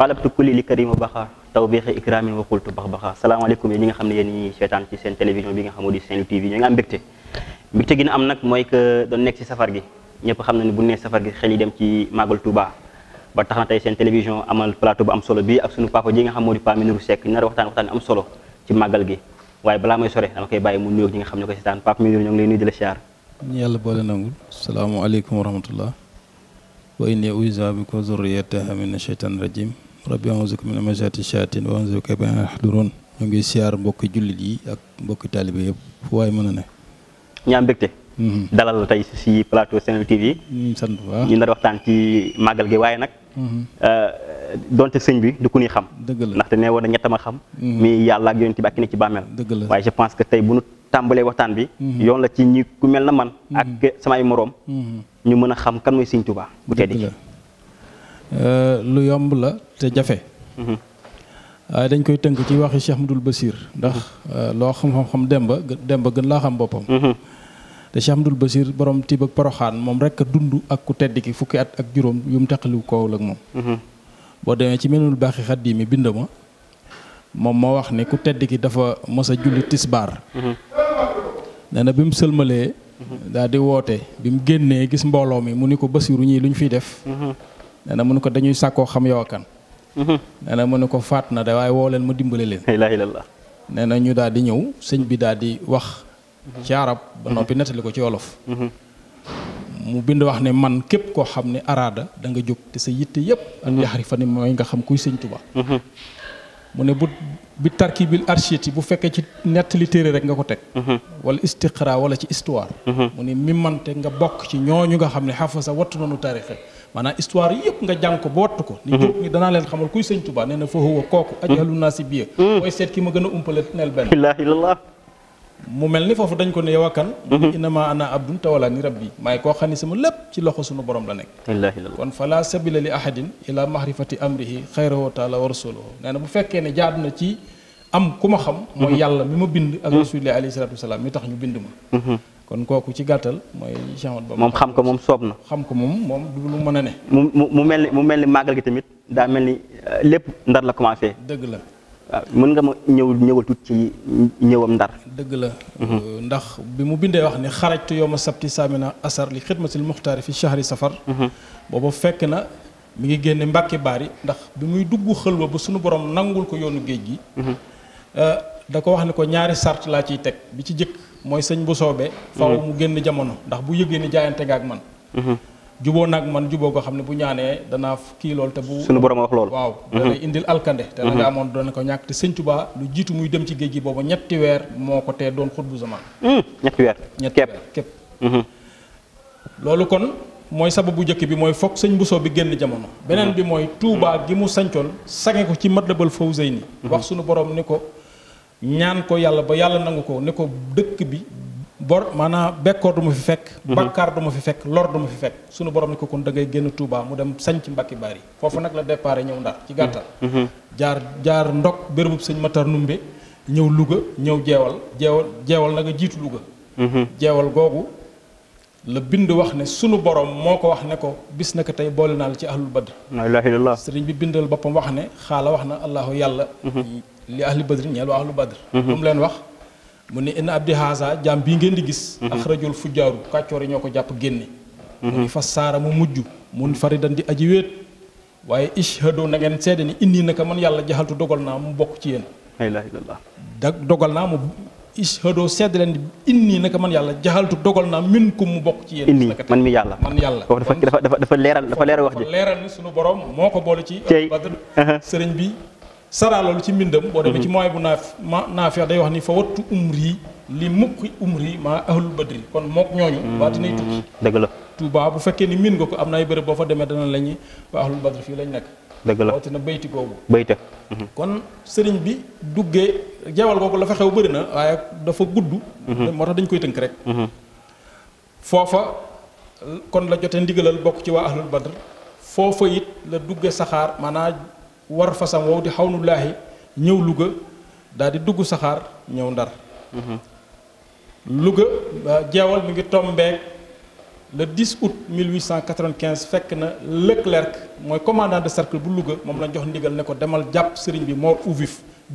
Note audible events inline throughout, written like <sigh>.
xalabtu kulli li karimu baxa taw beexe ikramin wa qultu bax baxa salaamaaleykum yéen ñi nga xam ne bi nga xam di Saint-Louis na am nag mooy que doon nekk xam na ne bu nee safar gi xel yi dem ci màggal Touba ba tax na tey seen télévision amal plateau bu am solo bi ak sunu papa nga xam moo di Pa Minirou Seck nar waxtaan waxtaan am solo ci màggal gi waaye mu nuyoog ñi nga ne ko seetaan Papa Minirou ñoo ngi lay bi ko zurriyataha rajim rabbi a'uuzu bika min hamazaati shayaatiin wa a'uuzu bika ñu ngi siyaar mbokki jullit yi ak mbokki taalibe yëpp fu mën a ne ñaam mbégte mm-hmm. dalal la tey si plateau Saint-Louis TV mm-hmm, sant waaw ñu nar waxtaan ci màggal gi waaye nag mm-hmm. euh, donte sëñ bi du ku ñuy xam dëgg la ndaxte nee woon na ñett ma xam mi yàlla ak yonent bi ak ki ne ci bàmmeel dëgg la waaye je pense que tey bu nu tàmbalee waxtaan bi yoon la ci ñi ku mel na man ak samay moroom ñu mën a xam kan mooy sëñ Tuubaa bu tedd euh, lu yomb la te jafe. Mhm. waaye dañ koy teunk ci waxi Cheikh Moudoul Basir ndax mhm. euh, lo xam-xam demba demba gën la xam boppam. Mhm. te Cheikh Moudoul Basir borom tib ak poroxaan mom rek a dundu ak ku tedd ki fukki at ak juróom yum mu ko wol ak moom. bo demé ci khadimi mi mom mo wax ni ku tedd ki dafa mossa julli tisbar nee na bi mu sëlmalee. di woote bi mu gis mbolo mi muniko Basiru ñi luñ fi def. nee na dañuy sako xam nee na mu ne ko faat na de waaye woo leen ma dimbale leen. ilaha illallah. nee na ñu daal di ñëw sëñ bi daal di wax. ci arab ba mhm. noppi nettali ko ci wolof. Mhm. mu bind wax ne man képp koo xam ne araada da nga jóg te sa yitte yëpp. ak mhm. yaxari fa ne mooy nga xam kuy sëñ Tuba. mu ne bu bi tarkibil archites bu fekkee ci nettali téere rek nga ko teg. wala istiqra wala ci histoire. mu ne mi nga bokk ci ñooñu nga xam ne xafa sa wattu nañu taarix maanaa histoire yëpp nga jàng ko ba wattu ko ni mhm. jóg ni danaa leen xamal kuy sëñ Tuubaa nee na fa huwa kooku mhm. ajalu naa si mhm. biir mooy seet ki ma gën a umpale neel benn mu mel ni foofu dañ ko ne yow a kan innama ana abdun tawala ni rabbi maay koo xam ne sama lépp ci loxo suñu borom la nekk kon fala sabila li ahadin ila mahrifati amrihi xayrahu taala wa rasuluhu nee na bu fekkee ne jaadu na ci am ku ma xam mooy yàlla mi ma bind ak rasulillahi alayhi salatu wasalaam mi tax ñu bind ma kon kooku ci gàttal mooy Cheikh ba moom xam ko moom soob na xam ko moom moom du lu mën a ne mu mel ni mu mel ni màggal gi tamit daa mel ni euh, lépp ndar la commencé dëgg la mën nga ma ñëw ñëwal tuut ci ndar dëgg la mhm. euh, ndax bi mu bindee wax ni xarajtu yow ma sabti saamina asar li xidmatil muxtaari fi shahri safar mhm. booba fekk na mi ngi génne mbàkki baari ndax bi muy dugg xëlwa ba suñu borom nangul ko yoonu géej gi mhm. euh, da ko wax ni ko ñaari sart laa ciy teg bi ci jëkk mooy sëñ bu soobee. faaw mhm. mu génn jamono ndax bu yëgee ni jaayante nga ak man. Mhm. juboo nag man juboo ko xam ne bu ñaanee danaa kii lool te bu. suñu borom wax waaw. Mhm. dana indil alkande. te la amoon doon ko ñàkk te sëñ Tuubaa lu muy dem ci géej gi booba ñetti weer moo ko tee doon xut bu zaman. ñetti weer ñetti weer képp. loolu kon mooy sababu njëkk bi mooy foog sëñ Bousso bi génn jamono. beneen bi mooy. Touba gi mu sancoon sange ko ci Matlabul Fawzayni. wax sunu borom ni ko. ñaan ko yàlla ba yàlla nangu ko ne ko dëkk bi bor maanaam bekkoor du ma fi fekk mhm. bàkkaar du fi fekk lor du ma fi fekk sunu borom ni ko kon da ngay génn Touba mu dem sañ ci Mbàkke Baari foofu nag la départ ñëw Ndar ci gàttal mhm. Mhm. jaar jaar ndok bérébub sëñ Matar Numbe ñëw Louga ñëw jeewal jeewal jeewal na nga jiitu Louga jeewal googu la bind wax ne sunu borom moo ko wax ne ko bis na ko tey boole naa la ci ahlul badr la ilaha sëriñ bi bindal boppam wax ne xaala wax na allahu yàlla li ahli badri ñeel waa ahlu badr moom leen wax mu ne inna abdi haasa jaam bii ngeen di gis mhm. axrajul fujjaaru kàccoor yi ñoo ko jàpp génne mhm. mu ni fas saara mu mujj mun faridan di aji wéet waaye ishhadu na ngeen seede ni indi naka man yàlla jaxaltu dogal naa mu bokk ci yéen la ilaha illallah da dogal naa mu ishhadu seede leen ni indi naka man yàlla jaxaltu dogal naa min ku mu bokk ci yéen indi man mi yàlla man yàlla dafa dafa dafa leeral dafa leeral wax ji leeral ni sunu borom moo ko boole ci badr sëriñ bi saraa loolu ci mbindam boo demee ci mhm. mooy bu naaf ma naafeex day wax ni fa wattu umri li muqi umri maa ahlul badri kon mook ñooñu mhm. baati nay tukki dëgg la Touba bu fekkee ni min ko am na ay bërëb boo fa demee dana la ñi waa ahlul badri fii lañ nekk dëgg la rawatina bayti googu bayta mhm. kon sëriñ bi duggee jawal boobu la fa xew bëri na waaye dafa gudd moo tax dañ koy tënk rek foofa kon la jote ndigalal bokk ci waa ahlul badr foofa it la dugge war fasam wow di xaw nu laahi ñëw Louga daal di dugg saxaar ñëw Ndar mhm. Louga jeewal mi ngi tombeek le 10 août 1895 fekk na Leclerc mooy commandant de cercle bu Louga moom lañ jox ndigal ne ko demal jàpp sëriñ bi mort ou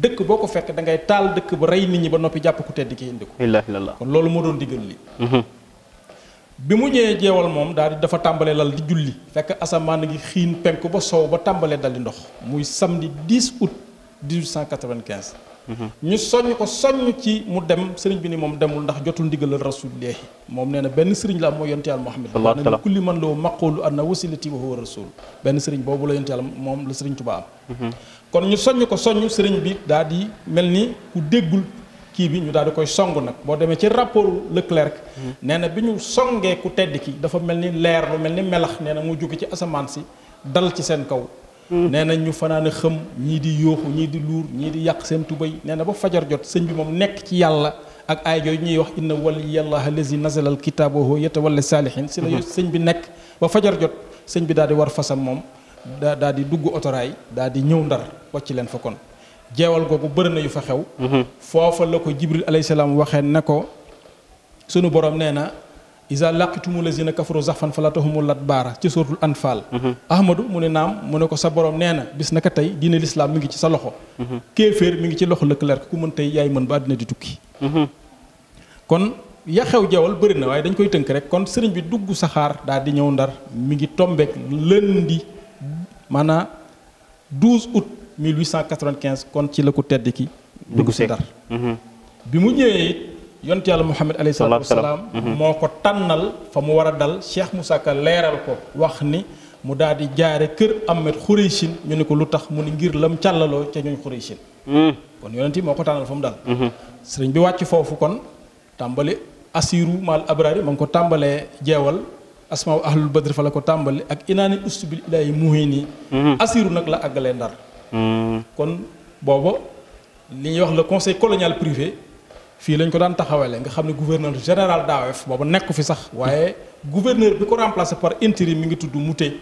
dëkk boo ko fekk da ngay taal dëkk ba rey nit ñi ba noppi jàpp ku tedd ki indi ko kon loolu moo doon digal li mhm. bi mu ñëwee jeewal moom daal di dafa tàmbalee lal di julli fekk asamaan ngi xiin penku ba soow ba tàmbalee dal di ndox muy samedi 10 août 1895. Mhm. ñu soññ ko soññ ci mu dem sëriñ bi ni moom demul ndax jotul ndigalal rasulillahi moom nee na benn sëriñ la am mooy yonte yàlla Muhammad wax na kulli man loo maqoolu anna wasilati wa huwa rasul benn sëriñ boobu la yonte yàlla moom la sëriñ Tuubaa am mhm. kon ñu soññ ko soññ sëriñ bi daal di mel ni ku déggul kii bi ñu daal di koy song nag boo demee ci rapport Leclerc hmm. nee na bi ñu songee ku tedd ki dafa mel ni leer lu mel ni melax nee na mu jóge ci asamaan si dal ci seen kaw hmm. nee na ñu fanaane xëm ñii di yooxu ñii di luur ñii di yàq seen tubéy nee na ba fajar jot sëñ bi moom nekk ci yàlla ak ay jooju ñuy wax inna waliyallah allazi nazala al kitaaba wa yatawalla saalihin si la yo hmm. sëñ bi nekk ba fajar jot sëñ bi daal di war fasam moom daa daal di dugg otoraay daal di ñëw ndar wàcc leen fa jeewal googu bëri na yu fa xew mhm. foofa la ko jibril alayhi salaam waxee ne ko sunu borom nee na isa laqitumul lazina kafaru zaxfan fala tahumul lat baara ci suratul anfal mhm. ahmadu mu ne naam mu ne ko sa borom nee na bis naka tey diine lislaam mi ngi ci sa loxo mhm. kéeféer mi ngi ci loxo lëkkaleer ku mën tey yaay mën ba àddina di tukki kon ya xew jeewal bëri na waaye dañ koy tënk rek kon sëriñ bi dugg saxaar daal di ñëw ndar mi ngi tombeek lëndi maanaa 12 août 1895 kon ci le ko tedd ki dugg si Ndar mhm. bi mu ñëwee it yonent yàlla Muhammad alayhi al wasalaam mhm. moo ko tànnal fa mu dal Cheikh Moussa Ka leeral ko wax ni mu daal jaare kër Ahmed Khoureyshin ñu ne ko lu mu ni ngir lam mhm. kon yonent bi asiru mal abrari ma ngi ko Asmau jeewal asmaaw ahlul badri fa la ko ak inani ustubil muhini asiru nagla la kon bobo li wax le conseil colonial privé fi lañ ko daan taxawale nga xam gouverneur général d'AOF booba nekk fi sax waaye gouverneur bi ko remplacé par intérim mi ngi tudd Mouté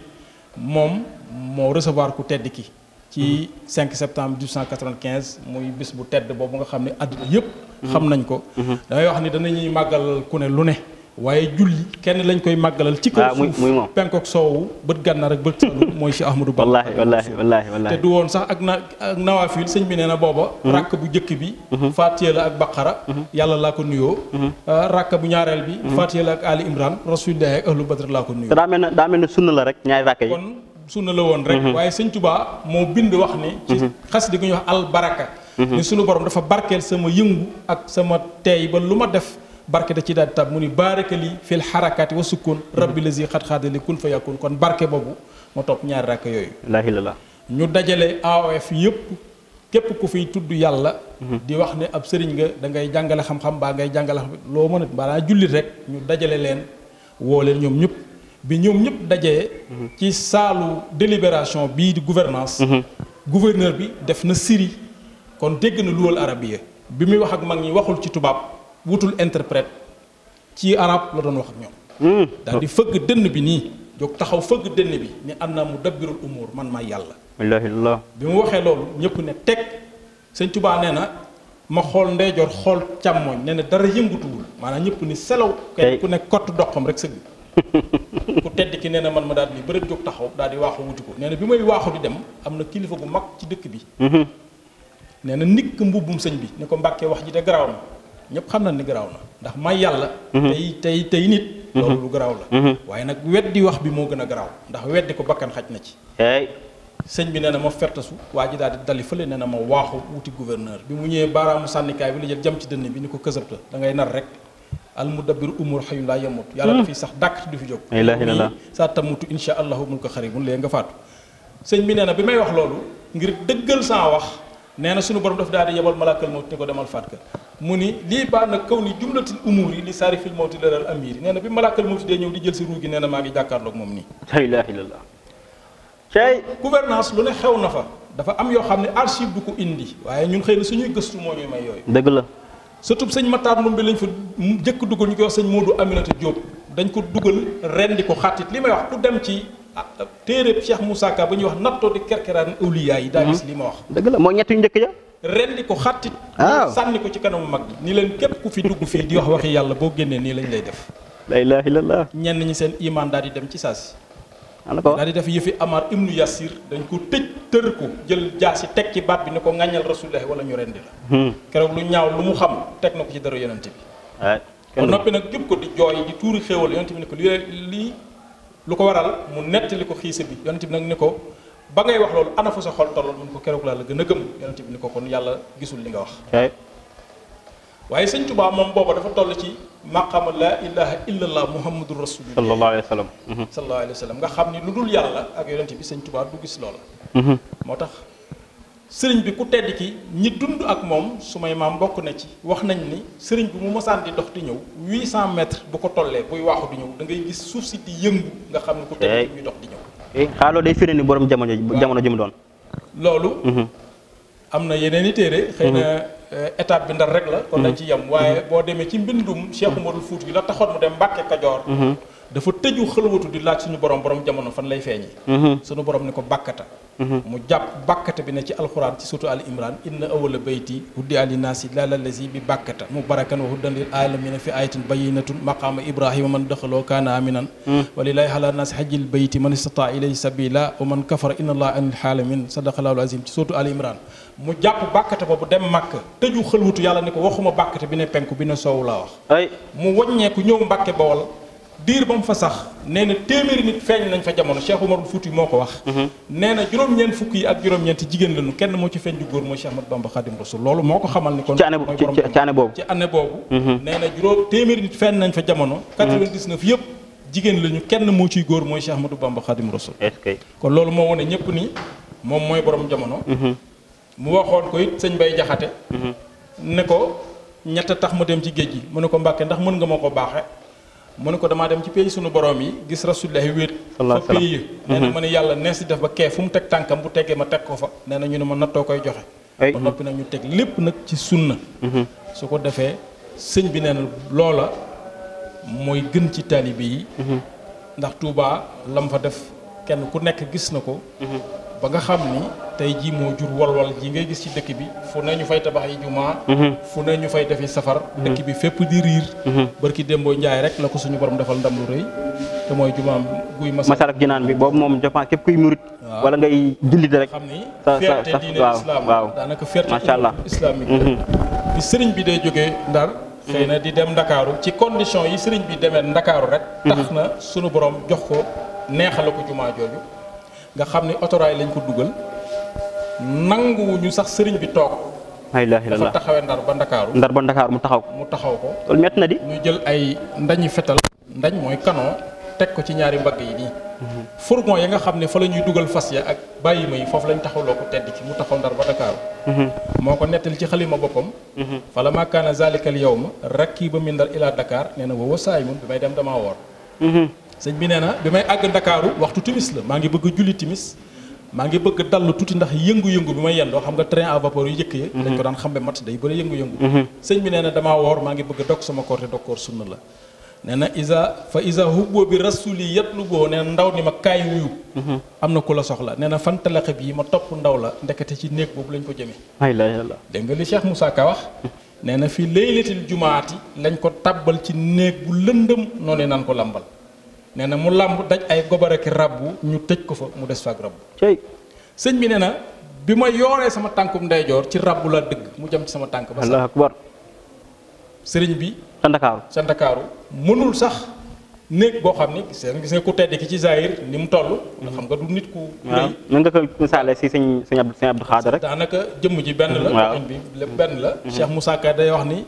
mom mo recevoir ku tedd ki ci 5 septembre 1895 muy bis bu tedd bobu nga xam ne yépp xam nañ ko mhm. damay wax ni danañuy magal ku ne lu ne waaye julli kenn lañ koy màggalal. ci kaw ah, suuf muy moom penk ak soowu bët gànnaar ak bët saalum mooy si Ahmadou Bamba. wallaahi wallaahi wallaahi wallaahi te du woon sax ak na ak nawaafil sëñ bi na booba. Mhm. rakk bu njëkk bi. Mhm. Faatiha la ak Baqara. Mhm. yàlla laa ko nuyoo. Ah, rakk bu ñaareel bi. Faatiha la ak Ali Imran Rasulullah ak Ahlu Badr laa ko nuyoo. daa mel ne daa la rek ñaari ràkk yi kon sunna la woon rek. waaye sëñ Tuubaa moo bind wax ne. ci xas di gu ñuy wax albaraka. ni suñu borom dafa barkeel sama yëngu ak sama teey ba lu ma def barke da ci daal di mu ni baaraka li fil xarakaati wa sukkun rabbi lazi xat xaadali kun fa yakun kon barke boobu ma topp ñaari rakk yooyu laahilalaa ñu dajale AOF yëpp képp ku fi tudd yàlla mhm. di wax ne ab sëriñ nga da ngay jàngale xam-xam baa ngay jàngale xam loo mën a balaa jullit rek ñu dajale leen woo leen ñoom ñëpp bi ñoom ñëpp dajee mhm. ci saalu délibération bii di gouvernance mhm. gouverneur bi def na siri kon dégg na luwal arabiya bi muy wax ak mag ñi waxul ci tubaab wutul interprète ci arab la doon wax ak ñoom. Hmm. daal di fëgg dënn bi nii. jóg taxaw fëgg dënn bi ni am naa mu dabbirul umur man maay yàlla. alhamdulilah bi mu waxee loolu ñëpp ne teg sëñ Tuubaa nee na ma xool ndeyjoor xool càmmooñ nee na dara yëngatuwul maanaam ñëpp ni selaw. kay ku ne kott doxam rek sëgg. <laughs> ku tedd ki nee na man ma daal di bëri jóg taxaw daal di waaxu wuti ko nee na bi may waaxu di dem am na kilifa gu mag ci dëkk bi. Hmm. nee na nikk mbubbum sëñ bi ni ko mbàkkee wax ji de ñëpp xam na ni garaaw na ndax may yàlla mhm. tey tey tey nit mhm. loolu lu garaaw la mhm. waaye nag weddi wax bi moo gën a garaaw ndax weddi ko bakkan xaj na ci sëñ bi nee na ma fertasu waa ji daal di dali fële na ma waaxu wuti gouverneur bi mu ñëwee baaraamu sànnikaay bi la jël jam ci dënn bi ni ko kësëbta da ngay nar rek al mudabbir umur xayun laa yamut yàlla dafiy sax dàkk du fi jóg sa tamutu insha allahu mun ko xaribun léegi nga faatu sëñ bi nee na bi may wax loolu ngir dëggal saa wax nee na sunu borom daf daal di yebal malakal mawti ne ko demal faat ka mu ni lii baax na kaw ni jumlatil umuur yi li saarifil mawti lëral amir nee bi malakal mawti dee ñëw di jël si ruu gi nee na maa ngi moom nii. la ilaha illallah. tey gouvernance ne xew na fa dafa am yoo xam ne archive du ko indi waaye ñun xëy na suñuy gëstu moo ñuy may yooyu. dëgg la. surtout sëñ Matar Ndumbe lañ fa njëkk dugal ñu koy wax sëñ Modou Aminata Diop dañ ko dugal rendi ko xàttit li may wax ku dem ci terep Cheikh Moussa Ka buñ wax natto di kerkeran awliya yi daa gis li ma wax deug la mo ñettu njëkk ja ya. rendi ko xatti sanni ko ci kanam mag ni leen kep ku fi dugg fi di wax waxi yalla bo génnee ni lañ lay def la ilaha illallah ñen ñi seen iman daal di dem ci saasi daal di def yefi Amar ibnu Yasir dañ ko terku teur ko jël jaasi tek ci baat bi ni ko ŋàññal rasulullah wala ñu rendi la hmm. keroog lu ñaaw lu mu xam tek nako ci dara yonent bi ah, nopi nak ko di joy di touru xewal yonent bi ne ko li lu ko waral mu nettali ko xiisa bi yonent bi nag ni ko ba ngay wax loolu ana fu sa xol tolloon mun ko keroog laa la gën a gëm yonent bi ni ko kon yàlla gisul li nga wax waaye sëñ Tuubaa moom booba dafa toll ci maqaama laa ilaha illa allah muhammadun rasulullah sallallahu alayhi wa sallam sallallahu alayhi wa sallam nga xam ni lu dul yàlla ak yonent bi sëñ Tuubaa du gis loola moo tax sëriñ bi ku tedd ki ñi dund ak moom su may maam mbokk na ci wax nañ ni sëriñ bi mu mosaan di dox di ñëw 800 mètres bu ko tollee buy waaxu di ñëw da ngay gis suuf si ti yëngu nga xam ne ku tedd ki eh. muy dox di ñëw. ah eh, loolu day firnde ni borom jamono jamono ji mu doon. loolu. Mm-hmm. am na yeneen i téere. xëy na mm-hmm. eh, étape bi ndar rek la. kon nañ mm-hmm. ci yem waaye boo demee ci mbindum Cheikh Umarul Fuuti bi la taxoon mu dem Mbàkke Kajoor. dafa tëju xëlwatu di laaj suñu borom borom jamono fan lay feeñi. sunu borom ni ko bàkkata. mu jàpp bàkkata bi ne ci alquran ci suutu al imran inna awwala bayti huddi ali naasi la lazi bi bàkkata mu barakan wa huddan lil alamin fi ayatin bayyinatin maqama ibrahim man dakhalo kana aminan walilahi ala nas hajjil bayti man istata ila sabila wa man kafara inna allaha allah halimin sadaqa sadaqallahu azim ci suutu al imran mu jàpp bàkkata bobu dem màkk tëju xëlwutu yàlla ne ko waxuma bàkkata bi ne penku bi ne soow laa wax mu wagne ko ñëw mbacke bawol diir ba mu fa sax nee na téeméeri nit feeñ nañ fa jamono Cheikh Umarul Fuuti moo ko wax. Mhm. nee na juróom-ñeent fukk yi ak juróom-ñeenti jigéen lañu kenn moo ci feeñ ju góor mooy Cheikh Ahmad Bamba Xadim Rasul loolu moo ko xamal ni kon. ci année boobu ci année boobu. Mhm. nee na juróom téeméeri nit feeñ nañ mhm. yëpp jigéen lañu kenn moo ciy góor mooy Cheikh Ahmadou Bamba Xadim Rasul. kon loolu moo wone ñëpp ni moom mooy borom jamono. mu waxoon ko it sañ Bay Jaxate ne ko ñett tax mu dem ci géej gi mu ne ko Mbàkke ndax mën nga ma ko baaxe mu ne ko damaa dem ci pays sunu borom yi gis rasulullahi wéet fa pays yi nee na mhm. ma ne yàlla nees di def ba kee fu mu teg tànkam bu teggee ma teg ko fa nee na ñu ne ma nattoo koy joxe ba noppi nag ñu teg lépp nag ci sunna mhm. su ko defee sëñ bi nee na loola mooy gën ci taalibe yi mhm. ndax Touba lam fa def kenn ku nekk gis na ko ba nga xam ni tey jii moo jur walwal ji ngay gis ci dëkk bi fu ne ñu fay tabax yi jumaa mhm. fu ne ñu fay defi safar mhm. dëkk bi fépp di riir mhm. barki démboo njaay rek la ko suñu borom defal ndam lu rëy te mooy jumaam guy Masaalikul Jinaan bi boobu moom je pense kuy murit wala ngay jullit rek xam ni fierté diine islam waaw daanaka fierté islamique bi sëriñ bi day jógee ndar xëy na di dem ndakaaru ci condition yi sëriñ bi demee ndakaaru rek tax na suñu boroom jox ko neexale ko jumaa jooju nga xam ni otoraay lañ ko dugal ñu sax sëriñ bi tok la ilaha illallah dafa taxawé ndar ba dakaru ndar ba dakaru mu taxaw mu taxaw ko loolu met na di ñu jël ay ndañu fétal ndañ moy kano tek ko ci ñaari mbag yi ni mhm. fourgon ya nga xamné fa lañuy duggal fas ya ak bayyi may fofu lañ taxaw loko tedd ci mu taxaw ndar ba dakaru moko mhm. netal ci khalima bopam mhm. fa la makana zalika al yawm rakiba min dar ila dakar neena wo woowa mun bi may dem dama wor sëñ bi nee na bi may waxtu timis la mangi ngi bëgg julli timis maa ngi bëgg dallu tuuti ndax yëngu-yëngu bi may yendoo xam nga train à vapeur yu njëkk yi mhm. dañ ko daan xambe mat day bëri yëngu-yëngu mhm. sëñ bi nee na woor maa ngi bëgg dog sama koor te dog koor sunna la nee na isa fa isa hubboo bi rasuli yatlubo boo na ndaw ni ma kaay wuyu mhm. am na ku la soxla nee na fan talaxe bii ma topp ndaw la ndekete ci néeg boobu lañ ko jëmee ay la yàlla dégg nga li Cheikh Moussa Ka wax nee na fii laylatil jumaati lañ ko tàbbal ci néeg bu lëndëm noonu naan ko lambal nee na mu làmb daj ay gobaraki rabbu ñu tëj ko fa mu des fa ak rabbu sëñ bi nee na bi ma yooree sama tànkum ndeyjoor ci rabbu la dëgg mu jëm ci sama tànk ba sax allah sëriñ bi sa ndakaaru sa ndakaaru mënul sax néeg boo xam ni gis nga ku tedd ki ci Zahir ni mu toll. xam nga du nit ku. waaw mën nga ko misaale si sëñ sëñ Abdou sëñ Abdou Xaadar rek. daanaka jëmm ji benn la. waaw bi benn la. Mhm. Cheikh Moussa Ka day wax nii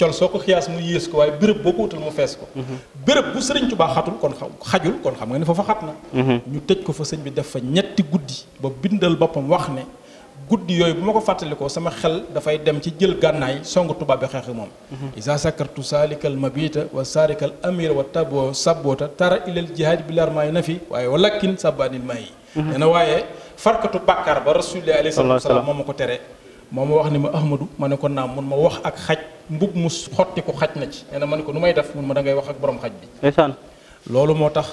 col soo ko xiyaas mu yées ko waaye béréb boo ko wutal mu fees ko mhm. béréb bu sëriñ Tuubaa xatul kon xajul kon xam nga ne foofa xat na mhm. ñu tëj ko fa sëñ bi def fa ñetti guddi ba bindal boppam wax ne guddi yooyu bu ma ko fàttalikoo sama xel dafay dem ci jël gànnaay songu tubaab bi xeex moom mhm. isa sakartu saalikal mabita wa saarikal amira wa tabo saboota tara ilal jihaad bi lar maay na fi waaye walakin sabanil may yi nee waaye farkatu bàkkaar ba rasulillah alayhi salaam moom ma ko tere moo ma wax ni ma ahmadu ma ne ko naam mun ma wax ak xaj mbub mu xotti ko xaj na ci nee ma ne ko nu may def mun ma da wax ak borom xaj bi. ndeysaan loolu moo tax.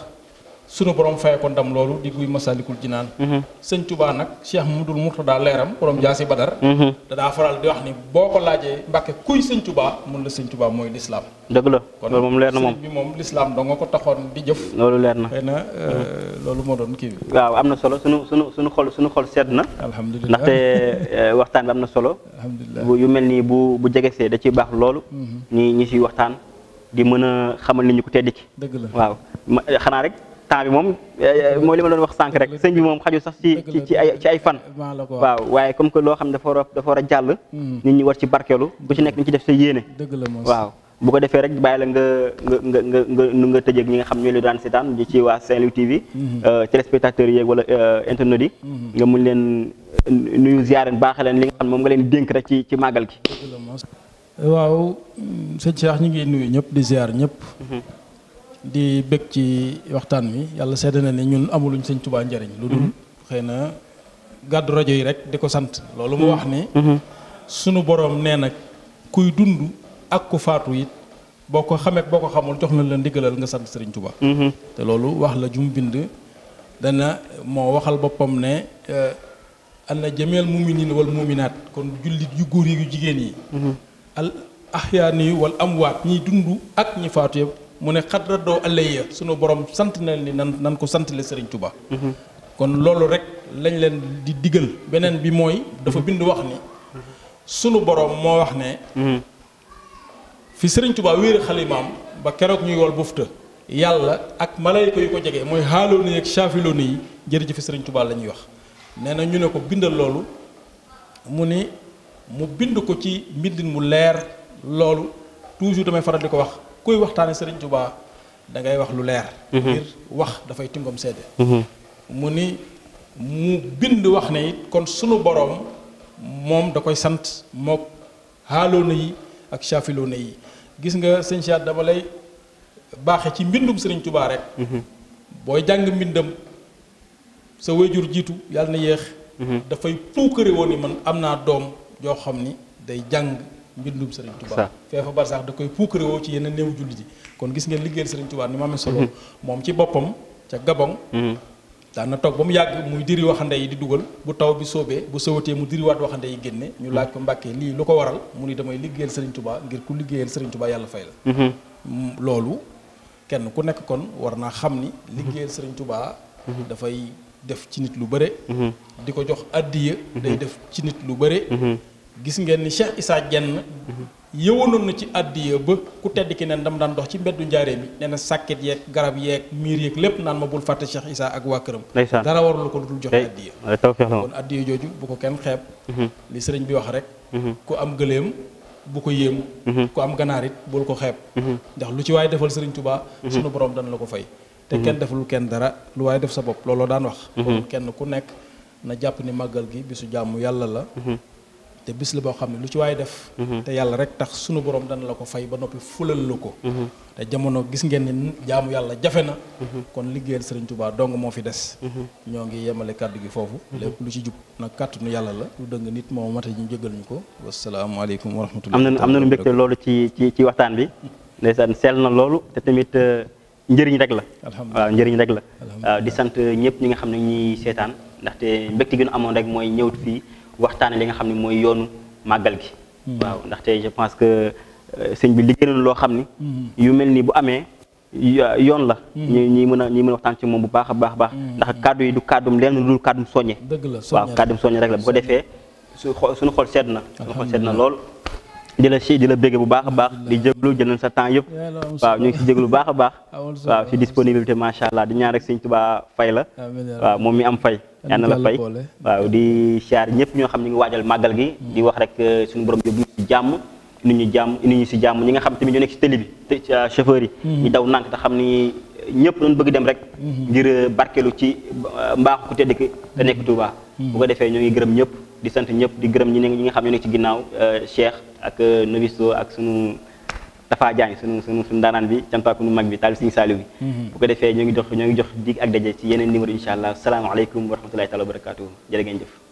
sunu borom fay ko ndam loolu di guy masalikul jinaan mhm. sëñ tubaa nag cheikh mudul murtada leeram borom jaasi badar mhm. da daa faral di wax ni boo ko laajee mbàkke kuy sëñ tubaa mun la sëñ tubaa mooy lislaam dëgg kon loolu moom leer na moom bi moom lislaam doo nga ko taxoon di jëf loolu leer na na euh, mhm. loolu moo doon kii bi waaw am na solo suñu suñu suñu xol suñu xol sedd na alhamdulilah ndaxte euh, waxtaan bi am na solo alhamdulilah yu mel nii bu bu jegesee da ci baax loolu ñi ñi ci waxtaan di mën a xamal nit ñi ko te ki dëgg la waaw xanaa rek temps bi moom euh, euh, mooy li ma doon wax sànq rek sëñ bi moom xajul sax ci ci ay ci ay fan waaw waaye comme que loo xam dafa war a dafa war a jàll hmm. nit ñi war ci barkeelu bu ci nekk ñu ci def sa yéene waaw bu ko defee rek bàyyi la nga nga nga nga nu nga tëjee ak ñi nga xam ñoo la daan seetaan di ci waa Saint-Louis TV hmm. euh, téléspectateurs yeeg wala internet yi hmm. nga mun leen nuyu ziyaaren baaxe leen li nga xam moom nga leen dénk rek ci ci màggal gi waaw sëñ Cheikh ñu ngi nuyu ñëpp di ziar ñëpp di bëgg ci waxtaan wi yàlla seede na ne ñun amuluñ sëñ tuba njariñ lu dul mhm. xëy na gàddu rajo yi rek di ko sant loolu mu mhm. wax ni mhm. sunu borom nee na kuy dund ak ku faatu it boo ko xamee boo ko xamul jox na la ndigalal nga sant sëriñ tuba te loolu wax la jum bind dana moo waxal boppam ne eh, ana jameel muminin wal muminaat kon jullit yu góor yi yu jigéen yi al ahyaani wal amwaat ñiy dund ak ñi faatu mu ne xat raddoo alayya sunu borom sant na ni nan ko sant le Serigne mhm. kon loolu rek lañ leen di diggal beneen bi mooy dafa bind wax ni sunu borom moo wax ne mhm. fi Serigne Touba wéer xalimaam ba keroog ñuy wol bufta yàlla ak malayka yu ko jege mooy xaaloon yi ak saafiloon yi jërëjëf Serigne Touba la ñuy wax nee na ñu ne ko bindal loolu mu ni mu bind ko ci mbindin mu leer loolu toujours damay faral di ko wax kuy waxtaane Serigne Touba da wax lu leer. Mhm. ngir wax dafay tingom seede. Mhm. mu ni mu bind wax ne it kon sunu boroom moom da koy sant mook xaaloona yi ak saafiloona yi gis nga sëñ dama lay baaxe ci mbindum Serigne Touba rek. Mhm. booy jàng mbindam sa wéjur jiitu yàlla na yéex. dafay puukare woon man am naa doom joo xam ni day jàng. mbindum Serigne Touba feefa barsax da koy puukarewoo ci yeneen néew julli ji kon gis ngeen liggéeyal Serigne Touba ni mu amee solo mm-hmm. moom ci boppam ca Gabon mm-hmm. daan na toog ba mu yàgg muy diri waxande yi di dugal bu taw bi soobee bu sowatee mu diriwaat waxande yi génne ñu laaj ko Mbàkke lii lu ko waral mu ni damay liggéeyal Serigne Touba ngir ku liggéeyal Serigne Touba yàlla fay la mm-hmm. mm, loolu kenn ku nekk kon war naa xam ni liggéeyal Serigne Touba dafay def ci nit lu bëre gis ngeen ni Cheikh Issa Dieng yëwanoon na ci àddiya ba ku tedd ki nen dama daan dox ci mbeddu njaaree mi nee na sàkket yeeg garab yeeg miir yeeg lépp naan ma bul fàtte Cheikh Issa ak waa këram dara warul ko lu dul joxe àddiya kon àddiya jooju bu ko kenn xeeb mm-hmm. li sëriñ bi wax rek mm-hmm. ku am gëléem bu ko yéem mm-hmm. ku am ganaar it bul ko xeeb ndax lu ci waaye defal sëriñ Touba. sunu borom dana la ko fay te kenn defalul kenn dara lu waaye def sa bopp looloo daan wax kenn ku nekk na jàpp ni màggal gi bisu jàmm yàlla la te bis la boo xam ne lu ci waay def. Mhm. te yàlla rek tax sunu borom dana la ko fay ba noppi fulal ko. Mhm. te jamono gis ngeen ni jaamu yàlla jafe na. Mhm. kon liggéeyal Serigne Touba dong moo fi des. ñoo ngi yemale kàddu gi foofu. lu ci jub nag kàttanu yàlla la. lu dëng nit moo mate ñu jégal ñu ko. wasalaamaaleykum wa rahmatulah. am na am nañu mbégte loolu ci ci ci waxtaan bi. <laughs> ndeysaan sell na loolu te tamit euh, njëriñ rek la. waaw njëriñ rek la. waaw di sant ñëpp ñi nga xam ne ñuy seetaan ndaxte mbégte gi nu mooy ñëwut fii waxtaane li nga xam ne mooy yoonu màggal gi hmm. waaw ndaxte je pense que euh, sëñ bi liggéey na loo xam ni hmm. yu mel nii bu amee yoon la hmm. ñu mën a ñi mën waxtaan ci moom bu baax a baax baax ndax kàddu yi du kàddum leen lu dul kàddum soññe waaw kàddum soññe rek la bu ko defee su suñu xol sedd na suñu xol sedd na lool di la si di la bégge bu baax a baax di jéglu jël nañ sa temps yëpp waaw ñu ngi si jéglu lu baax a baax waaw si disponibilité macha allah di ñaan rek sëñ Tuubaa fay la moom mi am fay yal na la fay waaw di siyaar punya ñoo xam ñu ngi waajal màggal gi di wax rek eh, suñu borom yóbbu ñu si jàmm ñu jàmm nit ñu si jàmm ñi nga xam tamit ñoo nekk si télé bi te ah, chauffeur yi mm-hmm. ñu daw nànk te xam ni ñëpp doon bëgg dem rek mm-hmm. ngir eh, barkeelu ci eh, mbaaxu ku tedd Touba mm-hmm. bu ko ngi gërëm di sant ñëpp di gërëm ñi ñi nga xam ñoo nekk ci ginnaaw Cheikh ak ak suñu Tafa Diagne sunu sunu sunu daanaan bi cantaaku nu mag bi taal Sëriñ Saaliw bi mhm. bu ko defee ñoo ngi jox ñoo ngi jox dig ak daje ci yeneen numéro incha allah salaamaaleykum wa rahmatullahi taala wa barakatuhu jërë ngeen